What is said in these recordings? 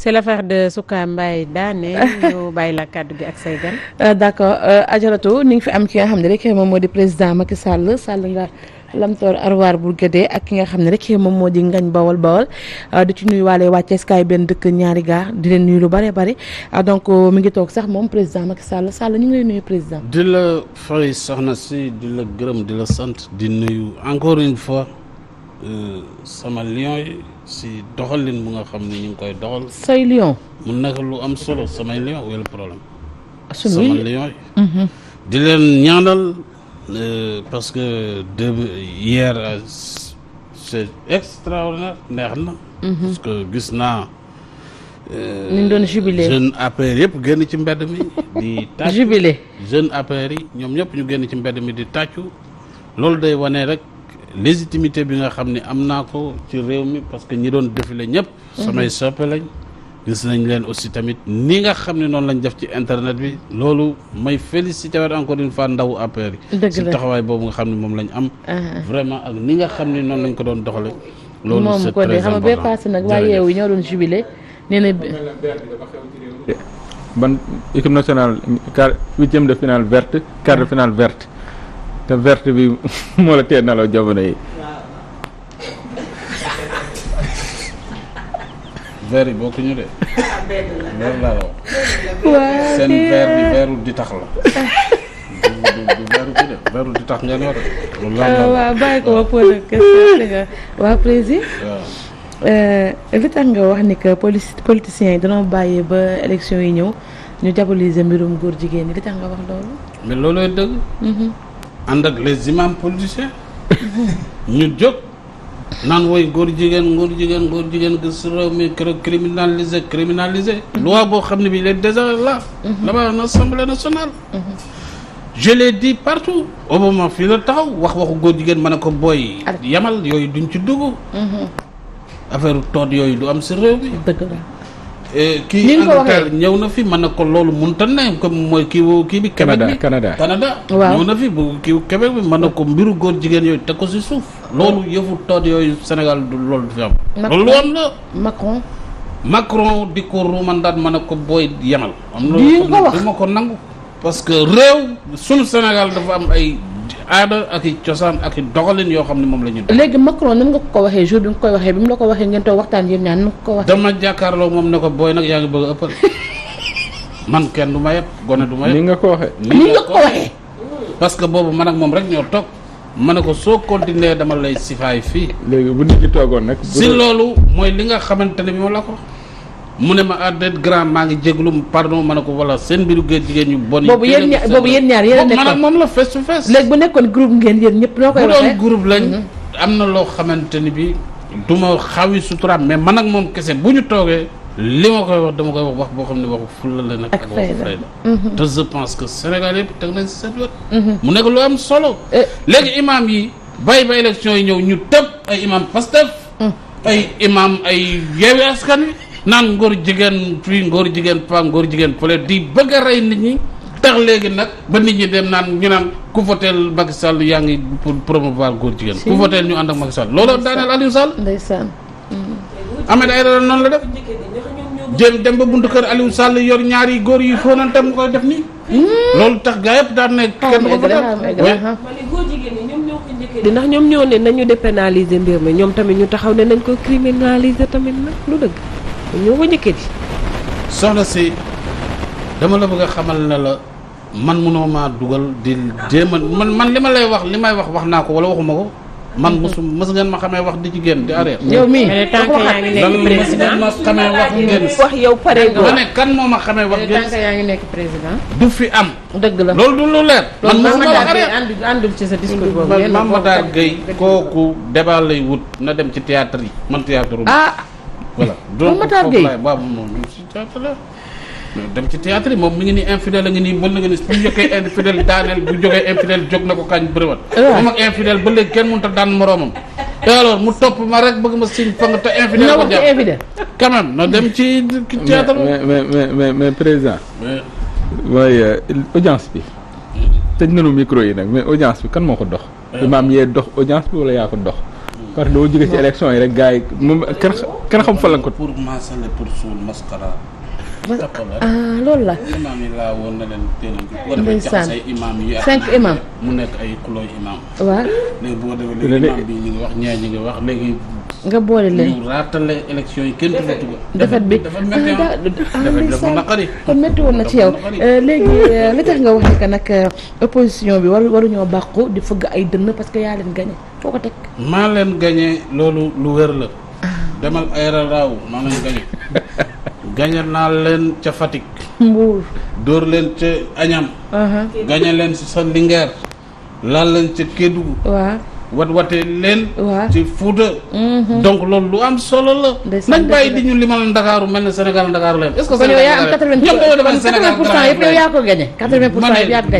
c'est l'affaire de Souka Mbaye Daane ñu bàyyi la kàddu bi ak say gan. Euh, d'accord euh, Adjaratou ni ngi fi am ki nga xam ne rek moom moo di président Macky Sall Sall nga. Lamtoor Arwaar bu Gëdee ak ki nga xam ne rek moom moo di ngañ bawal bawal euh, di ci nuyuwaale waa Thiès kaay benn dëkk ñaari gaar di leen nuyu lu bare bare donc mu ngi toog sax moom président Macky Sall Sall ñu ngi leen nuyu président. di la fay soxna si di la gërëm di la sant di nuyu encore une fois. Euh, sama lion yi si doxalin bu nga xam ne ñu ngi koy doxal. say lion. mu nekk lu am solo samay lion wala problème. Ah, sama lion yi. Mm-hmm. di leen ñaanal euh, parce que de hier euh, c'est extraordinaire neex na. Mm-hmm. parce que gis naa. ni doon jubilé jeune APR yëpp génn ci mbedd mi. APR yi ñoom ñëpp ñu génn ci mbedd mi di tàccu loolu day wane rek. légitimité bi nga xam ne am naa ko ci réew mi parce que ñi doon défilé ñëpp. samay soppe lañ. gis nañ leen aussi tamit ni nga xam ne noonu lañu def ci internet bi loolu may félicité waat encore une fois ndawu APR yi. si taxawaay boobu nga xam ne moom lañ am. Ah. vraiment ak ni nga xam ne noonu lañ ko doon doxale loolu c'est très important moom xam nga bee passé nag waa yeewu ñoo doon jubilé nee na. ban équipe nationale quart huitième de finale verte quart de finale verte. te verte bi moo la tee nalaw jamono yi. verre du tax ah, bàyyi ko ma posé euh, nga waa président. waaw. li wax ni que poli politiciens yi danoo bàyyi ba élection yi ñëw ñu diaboliser mbirum góor jigéen ñi li tax nga wax loolu. mais looloo dëgg. Mm-hmm. ànd ak les imams politiciens ñu jóg naan woy góor jigéen ngoor jigéen góor jigéen gis réew mi criminalisé criminalisé loi boo xam ne bi leen déjà là mhm. là-bas en assemblée nationale mhm. je l'ai dit partout au moment fii la taxaw wax waxu góor jigéen ma ne ko booy yamal yooyu duñ ci dugg mhm. affaire toot yooyu du am si réew mi Eh, kii Angleterre ñëw na fi man na ko loolu mënta ne comme mooy kii bi Québec bi Canada Canada ñëw na fi bu kii wu bi mën na ko mbiru góor jigéen yooyu teg ko si suuf loolu yëfu toot yooyu Sénégal du loolu du fi am loolu lu am la Macron Macron di ko ruumandaat mën na ko booy yemal am na lu ma ko nangu parce réew suñu Sénégal dafa am ay aada ak cosaan ak i doxalin yoo xam ne moom la ñu. léegi Macron nan nga ko waxee jour bi nga koy waxee bi mu la ko waxee ngeen toog waxtaan yéen ñaan nga ko waxee. moom ne ko booy nag yaa ngi a ëppal man du ma gone du ma yëpp. ni nga ko waxee ni parce que boobu man ak moom rek ñoo toog. ma ne ko soo continuer dama lay sifaay fii. léegi bu nit ki toogoon nag. si loolu mooy li nga xamante ne bi ma la ko. mu ma adet ah, maa ngi jéglu a nekkoon maanaam moom la face to face léegi bu nekkoon mhm. na loo xamante ni bi du ma xawi suturaam mais man ak moom kese bu ñu toogee li ma koy wax wax boo xam ne waxu la nag ak mhm. te je pense que Sénégal yëpp mhm. nekk lu am solo euh. léegi imam yi bàyyi ba élection yi ñëw ñu tëb ay imam Pastef mm. ay imam ay yeewi askan wi naan ngóor jigéen fii ngóor jigéen pa ngóor jigéen fële di bëgg a rey nit ñi tax léegi nag ba nit ñi dem naan ñu naan ku voteel Macky Sall yaa ngi pour promouvoir góor jigéen ku voteel ñu ànd ak Macky Sall looloo daaneel Aliou Sall ndeysaan Ahmed Aïdara noonu la def jéem dem ba buntu kër Aliou Sall yor ñaari góor yi foo naan tam koy def nii hmm. loolu tax gaa yëpp daan ne ah, kenn ko fa ah. di ndax ñoom ñoo ne nañu dépénaliser mbir mi ñoom tamit ñu taxaw ne nañ ko criminaliser tamit nag lu dëgg ñoo ko njëkkee di soxna si dama la bëgg a xamal ne la man munoo maa dugal di jéem man man li ma lay wax li may wax wax naa ko wala waxuma ko man mm-hmm. mosu mos ngeen ma xamee wax di ci génn di arrière. yow mii yow pare kan moo ma xamee wax ngeen yaa ngi nekk du fi am dëgg la loolu du lu leer man mosuma wax arrière àndul ci sa discours boobu Mame Matar Gueye kooku débat lay wut na dem ci théâtre yi man théâtre ah voilà donc foofu laay baabu noonu si dem ci théâtre yi moom mu ngi nii infidèle la nga nii mën na nga ni bu yokkee infidèle daaneel bu jógee infidèle jóg na ko kañ bëriwat moom ak infidèle léegi kenn mënut a daan moroomam te mu topp ma rek bëgg ma siñ fa nga te infidèle ko jàpp na dem ci théâtre mais mais mais mais euh, audience bi te nañu micro yi nag mais audience bi kan moo ko dox imaam yee dox audience bi wala yaa ko dox parce que doo jóge ci élection yi rek gars yi moom kenn kenn xam fa la ko. pour masale ah loolu la. imaam laa woon na leen teel a. ndeysaan jaxase cinq imaam mu nekk ay kulooy imaam. waaw boo demee léegi imaam bi nga boole leen ñu raatale élection yi kenn defet defet bi dafa naqari kon métti woon na ci yow euh, léegi euh, li tax nga wax ni que euh, opposition bi waru waruñoo bàqu di fëgg ay dënn parce que yaa leen gagné foo ko teg maa leen gagné loolu lu wér la ah. demal ayra raaw maa leen gañe leen ca Fatick. Mbour. dóor ca Agnam. gañe leen sa Linguère. laal leen ca Kédougou. waaw wat-watee leen. waaw ci Fuuta. Mhm. donc loolu lu am solo la. nañ bàyyi di ñu limal Ndakaaru mel ne Sénégal Ndakaaru leen. est yaa ko gagné.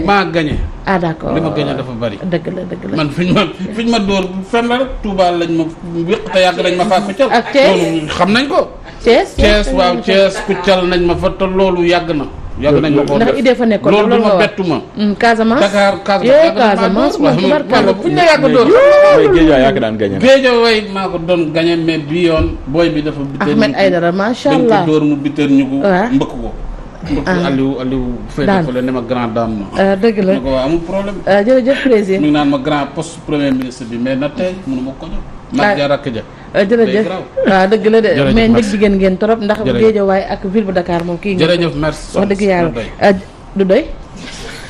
maa gagné. ah li ma gagné dafa bari. dëgg la dëgg la man fi ñu ma fi ñu ma dóor fenn la Touba lañ ma wéq yàgg lañ ma faa kuccal. ak xam nañ ko. Thiès Thiès waaw Thiès kuccal nañ ma fa te loolu yàgg na yàgg nañ ma ko ndax idée fa nekkoon loolu du ma bettu ma. Hmm, Casamance Dakar Casamance waaw fu ñu la yàgg doon. mais Géejawaay yaa bi dafa. butéel ñu ko Ahmed Aïdara macha door mu butéel ñu ko. mbëkk ko. mbëkk ah. Aliou Aliou. daan fay grand dame euh, dëgg la ko waa amul problème. Euh, jërëjëf président. mi ngi naan ma grand poste premier ministre bi mais na tey mënu ko jox. mag ja rakk eh, jërëjëf waaw dëgg la de mais njëg jigéen ngeen trop ndax waaye ak ville bu Dakar moom kii jërëjëf merci wax dëgg yàlla eh, du doy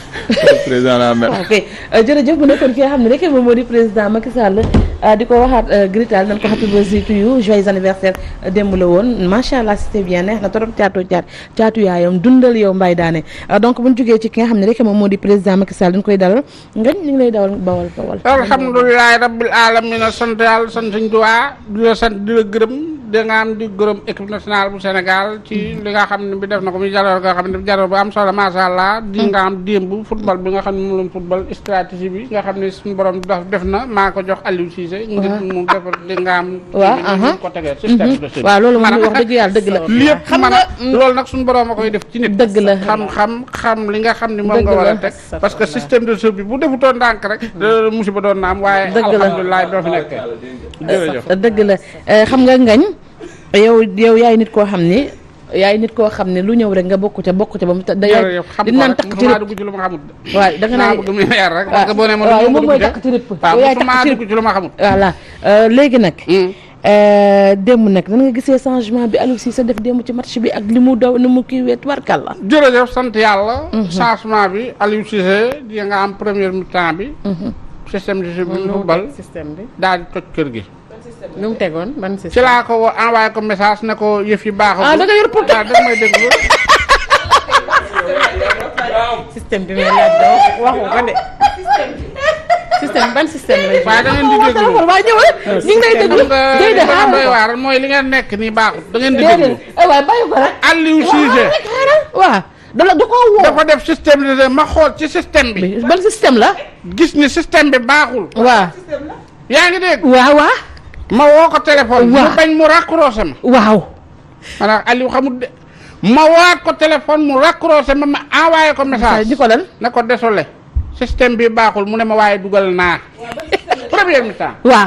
président la mer ok eh, jërëjëf bu nekkoon ki nga xam ne rek moom moo di président Macky Sall Euh, di ko waxaat euh, grital nañ ko happy birthday to you anniversaire euh, démb la woon macha allah c'était bien neex na trop caatu caat caatu yaayam dundal yow mbay daane donc bu jugee ci ki nga xam ne rek moom moo di président Macky Sall dañ koy dalal ngañ ñu ngi lay dawal bawal bawal alhamdulilahi rabbil alamin sant yàlla sant Sëñ Tuubaa di la sant di la gërëm dangaan di gërëm équipe nationale bu Sénégal ci li nga xam ne bi def na ko muy jaloor nga xam ne am solo macha allah di nga am mm. démb football nga xam ne moom lañ football stratégie bi nga xam ne suñu borom daf def na maa ko jox Aliou Cissé ngir mu defar li nga am waaw ko tegee système mm-hmm. de waaw loolu moom wax dëgg dëgg la lépp xam nga mm. loolu borom a koy def ci dëgg la xam-xam xam li nga xam ne moom nga war a teg parce que système de jeu bi bu defutoon ndànk rek mm. musiba doon na am waaye alhamdulilah doo fi nekkee jërëjëf dëgg la eh, xam nga ngañ yow yow yaay nit koo xam ni yaay nit koo xam ne lu ñëw rek nga bokku ca bokku ca ba mu ta da yaay di naan takk ci rëpp dugg ci da nga naa bëgg muy leer rek parce que boo mooy takk ci rëpp yaay takk ci rëpp lu ma xamul voilà euh, léegi nag hmm. euh, démb nag nan gisee changement bi Aliou sa def démb ci match bi ak li mu daw ni mu kii weet warkal la jërëjëf sant yàlla hmm. changement bi Aliou Cissé di nga am première mi-temps bi hmm. système de jeu bi mu football daal di toj kër gi nu mu tegoon ban système ci laa ko woo ko message ne ko yëf yi baaxul. ah da nga yor pour da may déglu. système bi ban système mooy li ngeen nekk nii baaxul da ngeen di déglu. Eh, waaw dala da koo woo. dafa def xool ci système bi. la. gis ni système bi baaxul. waaw. yaa ngi dégg. waaw waaw. ma woo ko téléphone. waaw mu bañ mu raccroché ma. waaw. ma ko téléphone mu raccroché ko message. di ko dal na ko désolé. système bi baaxul mu ne ma waaye dugal naa. première mi-temps. ma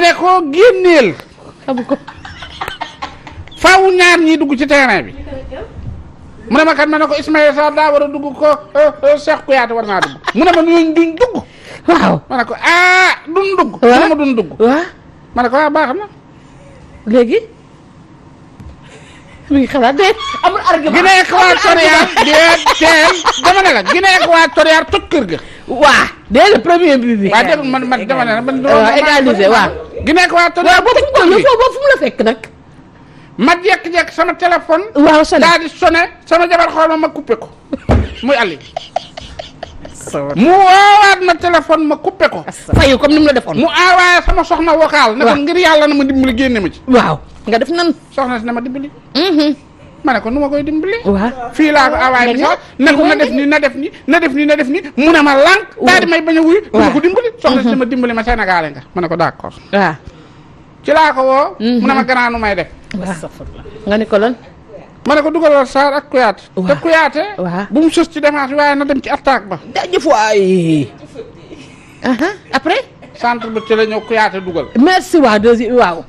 ne koo ah, uh-huh. génneel. xam ñaar ñiy dugg ci terrain bi. mu ne ma kat ma ne ko Ismaïla Sarr daa war a dugg ko euh, euh, Cheikh Kouyaté war naa dugg. mu ne ma ñooñu duñ dugg. waaw ma ne ko ah duñ dugg. waaw dama duñ dugg. waaw ma ne ko waaw ah, baax na léegi. mi ngi xalaat de amul argument Guinée équatoriale de teel dama ne la Guinée équatoriale toj kër ga. waaw dès le premier but bi. waaw dégg man man dama ne la man. waaw égalisé waaw. Guinée équatoriale toj kër gi waaw fu mu la fekk nag. ma jékki-jékki sama téléphone. waaw sonné daal di sonné sama jabar xool ma ma coupé ko muy àll mu woowaat ma téléphone ma coupé ko. fayu comme ni mu la defoon. mu envoyé sama soxna vocal. ne ko ngir yàlla na ma dimbali génne ma ci. waaw nga def nan. soxna si na ma dimbali. Mm-hmm. ma ne ko nu ma koy dimbali. waaw fii laa ko na def ni na def ni na def ni na ne ma lànk. daal di may dimbali. soxna si mm-hmm. ma dimbali ma Sénégalais nga. ma ne ko d'accord. waaw. ci laa ko woo. mu ne ma mm-hmm. gannaaw nu may def. nga ne ko lan. mane ne ko dugalal Sarr ak Kouyaté. waaw te Kouyaté. waaw bu mu sës ci défense bi waaye na dem ci attaque ba. jaajëf waay. après. centre ba ci la ñëw Kouyaté dugal. merci waaw deuxième waaw.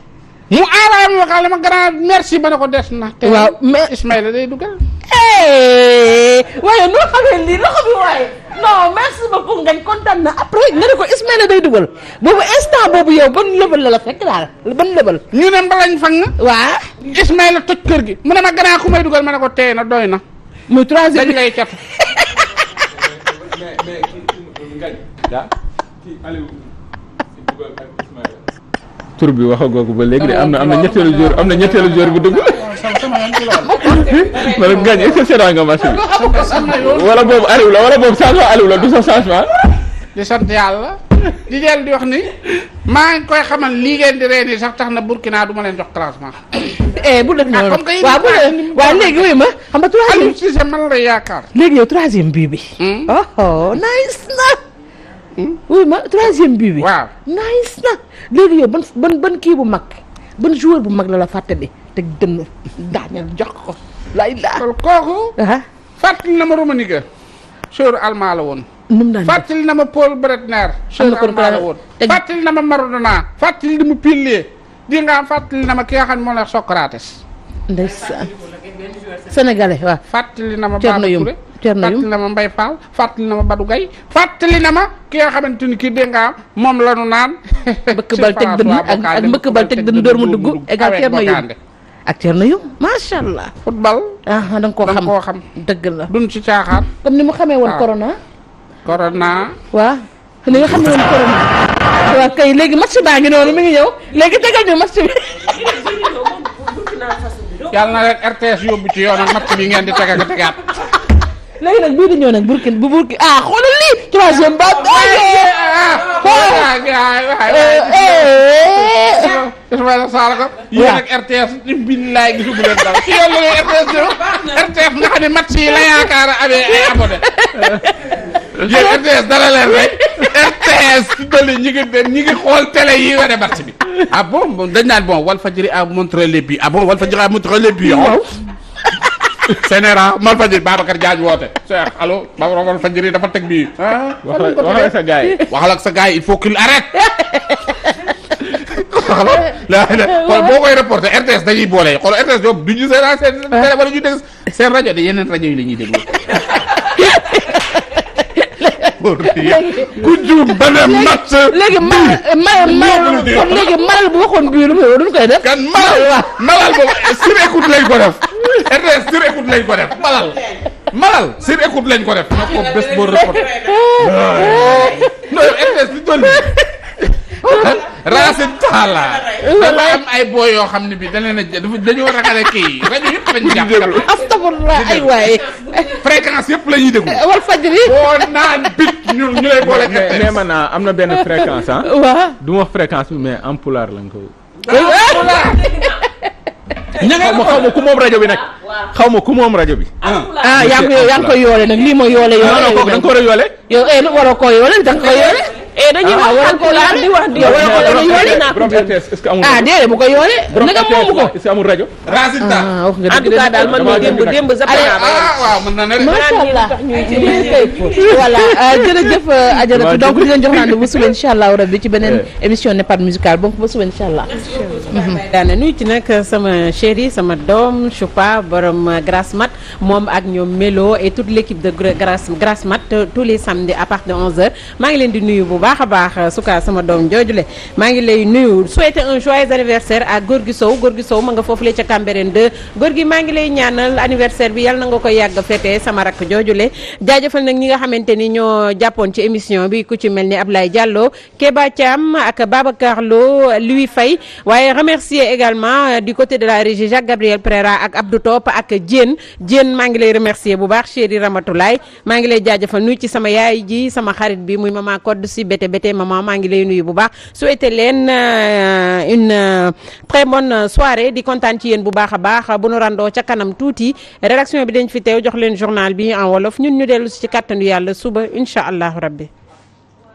mu aaraam ma waxal ma grand merci ma ko des na. waaw te Ismaïla day dugal. Eh, waaye noo xamee lii loxo bi waaye. non merci beaucoup ngañ kontaan après nga ne ko Ismaïla day dugal boobu instant boobu yow ban level la la fekk daal ban level. ñu ne mbalañ fang. waaw Ismaïla toj kër gi. mu ne ma gannaaw ku may dugal ma ne ko téye na dooy na. muy troisième dañ lay catu. tur bi waxagoo ko ba léegi de am na am na ñetteelu joor am na ñetteelu joor bu dugg. sama sama yoon ci loolu. gañ est-ce que seetaan nga match bi wala boobu Aliou la di sant maa ngi koy xamal lii ngeen di reen yi sax tax na leen jox classement. Eh, bu def ah, noonu waaw bu waaw léegi wuyu ma xam nga troisième Aliou Cissé yaakaar. léegi yow troisième bii bi. oh nice na. wuyu ma troisième bii bi. waaw nice na. léegi yow ban ban ban kii bu mag ban joueur bu mag la la fàttali. teg dënn daañal jox ko lay laa kon kooku fàttali na ma Rummenigge sóoru almaa la woon num daan fàttali na ma Paul Breitner sóoru almaa la woon fàttali na ma Maradona fàttali di mu pilier di nga am fàttali na ma ki nga xam ne moo la Socrates ndeysaan sénégalais waaw fàttali na ma Baba Touré fàttali na ma Mbaye Fall fàttali na ma Badou Gaye fàttali na ma ki nga xamante ni kii dégg nga moom lanu naan mbëkk bal teg dënn ak mbëkk bal teg dënn dóor mu dugg égal Thierno Youm ak Thierno Youm macha allah. football. ah koo xam da nga koo xam. dëgg la duñ ci caaxaan. ni mu xamee woon ah. corona. corona. waaw ni nga xamee woon corona. waaw kay léegi match baa ngi noonu mi ngi ñëw léegi tegal ñu match bi. yàlla na leen RTS yóbbu ci yoon ak bi ngeen di teg ak nag bii di ñëw nag burkina bu burkina ah xoolal lii. troisième ba. Saara Saara ko. yéen ak RTS billaay gisagu leen dara si yoon la ñuy RTS ñëw RTS nga xam ne match yi la yaakaar a amee ay abonné yéen RTS dara leen rek RTS fi mu ñi ngi ñi ngi xool télé yi wane match bi. ah dañ naan bon Walfadjri a montré les buts ah bon Walfadjri a montré les buts yow. Sénéra Walfadjri Babacar Diagne woote. Cheikh allo Babacar Walfadjri dafa teg bii. ah waxal sa gars yi waxal sa gars il faut qu'il arrête. soxla la xool boo koy reporté RTS dañuy boole xool RTS ñoom du ñu seetaan seen ñu dégg seen rajo de yeneen rajo yi la ñuy déglu ku juum ba ne mat léegi malal malal léegi malal bu waxoon bii lu mu duñ koy def kan malal malal boobu sur écoute lañ ko def RTS sur écoute lañ ko def malal malal sur écoute lañ ko def na ko bés boo reporté non RTS li doon voilà dafa am ay boo yoo xam ne bi da leen a dañoo ragale kii rajo yëpp lañu jàpp astafurlah ay waaye fréquence yëpp la ñuy déglu eh, wal fajri boo naan bit ñu ñu lay boole mais man ah, am na benn fréquence ah waaw du ma fréquence bi mais am pulaar lañ ko eh, eh. ña nga xaw ma ku moom rajo bi nag. xaw ma ku moom rajo bi. ah, ah yaa ngi koy yaa ngi koy yoole nag lii mooy yoole. Ah, yoole da a waroo koo yoole da koy yoole. et eh, dañuy ah, wax ah, alcool ah, di wax di ah déedéet bu ko yoole naka moomu ko est-ce que amul rajo ah wax nga dëgg en tout cas daal man mii démb démb zappena ba waaw mën na ne macha allah voilà euh, jërëjëf euh, ajaratu donc di leen jox rendez-vous bu suba incha allah rabbi ci beneen eh. émission Nepad musicale donc ba suba incha allah daane nuyu ci nag sama chéri sama doom Choupa borom euh, Grasse Mat moom ak ñoom Melo et toute l'équipe de Grasse Grasse Mat tous les samedis à partir de 11h maa ngi leen di nuyu bu baax a baax euh, suka sama doom joojule maa ngi lay nuyu souhaiter un joyeux anniversaire à Gorgui Sow Gorgui Sow ma nga foofule ca Cambérène 2 Gorgui maa ngi lay ñaanal anniversaire bi yàlla na nga koy yàgg fete sama rakk joojule jaajëfal nag ñi nga xamante ni ñoo jàppoon ci émission bi ku ci mel ni ab Ablaye Diallo Keba Thiam ak Babacar Lo Louis Faye waaye remercier également euh, du côté de la régie Jacques Gabriel Préra ak Abdou Top ak Diène jén maa ngi lay remercier bu baax chéri Ramatoulaye maa Bété Bété maman maa ngi lay nuyu bu baax souhaité leen euh, une euh, très bonne euh, soirée di kontaan ci yéen bu baax a baax bu nu randoo ca kanam tuuti rédaction bi dañ fi teew jox leen journal bi en wolof ñun ñu dellu si ci kàttanu yàlla suba incha allahu rabbi